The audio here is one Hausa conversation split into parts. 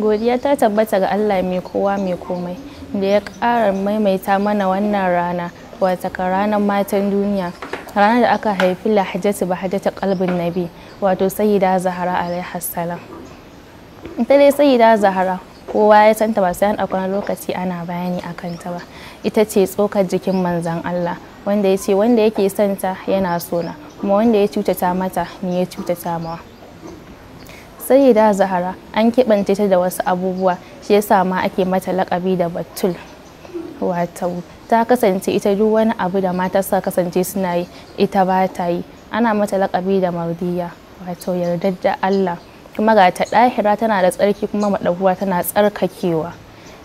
godiya ta tabbata ga allah mai kowa mai komai da ya ƙara maimaita mana wannan rana wata ranar matan duniya ranar da aka haifi lahajatu hajjata kalbin nabi wato sayida zahara alaihi salam ita dai sayida zahara kowa ya santa ba sai an akwai lokaci ana bayani a kanta ba ita ce tsokar jikin manzan allah wanda ya ce wanda yake santa yana sona kuma wanda ya cutata mata ne ya cutata mawa Sai da zahara an kibance ta da wasu abubuwa shi yasa ma ake mata lakabi da batul wato ta kasance ita duk wani abu da mata suka kasance suna yi ita ba ta yi ana mata lakabi da mardiya wato yardar da Allah kuma ga ta ɗahira tana da tsarki kuma maɗahuwa tana tsarkakewa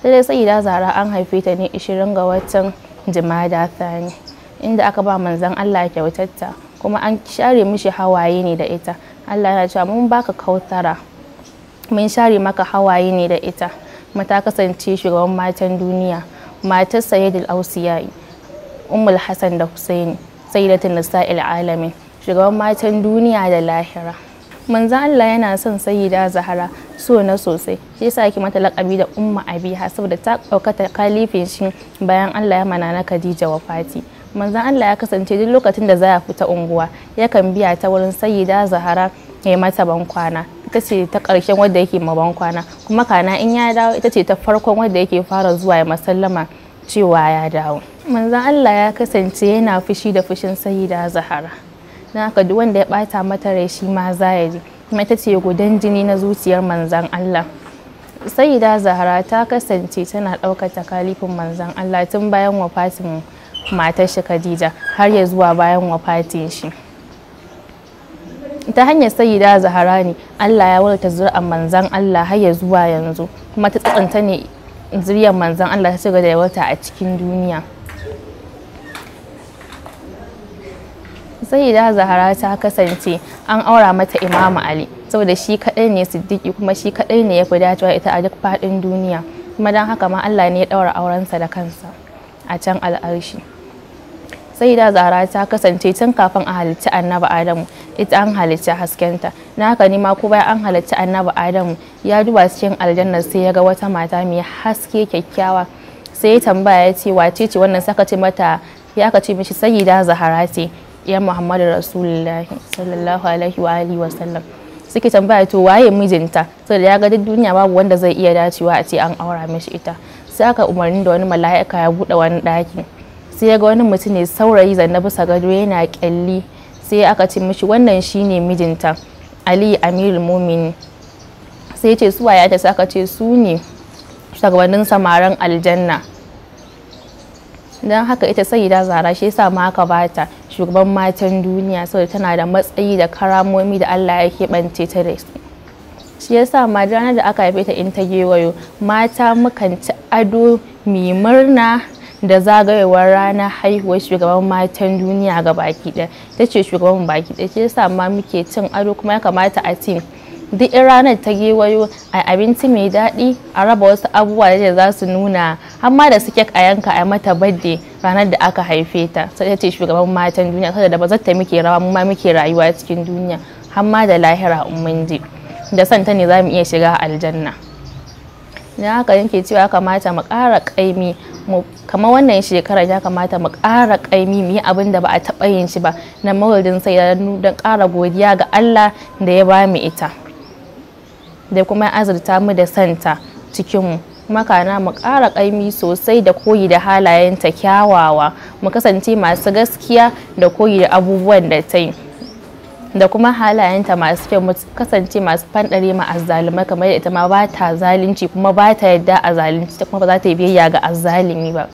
sai dai da zahara an haife ta ne 20 ga watan jimada thani inda aka ba manzon Allah kyautatta kuma an share mishi hawaye ne da ita Allah ya ce mun baka kautara mun share maka hawaye ne da ita kuma ta kasance shugaban matan duniya matar sayyidul ausiyai ummul hasan da husaini sayyidatun nisa'il alamin shugaban matan duniya da lahira manzo Allah yana son sayyida Zahara so na sosai shi yasa yake mata lakabi da umma abiha saboda ta ɗaukata kalifin shi bayan Allah ya mana na Khadija wafati Manzan Allah ya kasance duk lokacin da za a fita unguwa yakan biya ta wurin sayida zahara ya mata bankwana ita ce ta ƙarshen wadda yake ma bankwana kuma kana in ya dawo ita ce ta farkon wadda yake fara zuwa ya masallama cewa ya dawo Manzan Allah ya kasance yana fushi da fushin sayyida zahara Na aka duk wanda ya bata mata rai shi ma za ya ji kuma ita ce gudan jini na zuciyar manzan Allah sayida zahara ta kasance tana ɗaukar takalifin manzan Allah tun bayan wafatin matar shi Khadija har ya zuwa bayan wafatin shi ta hanyar sayyida Zahara ne Allah ya warta zuri'ar manzan Allah har ya zuwa yanzu kuma ta tsakanta ne zuriyar manzan Allah ta shiga da yawata a cikin duniya sayyida Zahara ta kasance an aura mata Imamu Ali saboda shi kadai ne Siddiqi kuma shi kadai ne ya fi dacewa ita a duk faɗin duniya kuma don haka ma Allah ne ya ɗaura aurensa da kansa a can al'arshi. sai da zara ta kasance tun kafin a halitta annabi adamu ita an halitta haskenta na haka ni ma kuma an halitta annabi adamu ya duba cikin aljannar sai ya ga wata mata mai haske kyakkyawa sai ya tambaya ya ce wace ce wannan saka ce mata ya ka ce mishi sai da zahara ce ya muhammadu rasulullahi sallallahu alaihi wa alihi wasallam suke tambaya to waye mijinta saboda ya ga duk duniya babu wanda zai iya dacewa a ce an aura mishi ita sai aka umarni da wani mala'ika ya buɗe wani ɗaki sai ya ga wani mutum ne saurayi zanna bisa gado yana kyalli sai aka ce mishi wannan shine mijinta ali amirul mumini sai ce su ta sai aka ce su ne shugabannin samaran aljanna don haka ita sai da zara shi yasa ma aka bata shugaban matan duniya saboda tana da matsayi da karamomi da Allah ya keɓance ta da su shi yasa ma ranar da aka haife ta in ta gewayo mata mukan ci ado mai murna da zagayowar ranar haihuwar shugaban matan duniya ga baki ɗaya ta ce shugaban baki ɗaya ke yasa ma muke cin ado kuma ya kamata a ce duk in ranar ta gewayo a abinci mai daɗi a raba wasu abubuwa da za su nuna amma da su kek a yanka a mata badde ranar da aka haife ta sai ta ce shugaban matan duniya saboda ba zata muke rawa mu ma muke rayuwa cikin duniya amma da lahira umman ji da santa ne za mu iya shiga aljanna da haka yake cewa kamata mu ƙara ƙaimi kamar wannan shekarar ya kamata mu ƙara ƙaimi mu yi abin da ba a taɓa yin shi ba na mawaldin sai don ƙara godiya ga Allah da ya ba mu ita da kuma azurta mu da santa cikin cikinmu makana mu ƙara ƙaimi sosai da koyi da halayen ta kyawawa mu kasance masu gaskiya da koyi da abubuwan da ta yi da kuma halayenta masu kyau kasance masu fanɗare ma azzalumai kamar yadda ita ma ba ta zalunci kuma ba ta yadda a zalunci ta kuma ba za ta yi biyayya ga azzalumi ba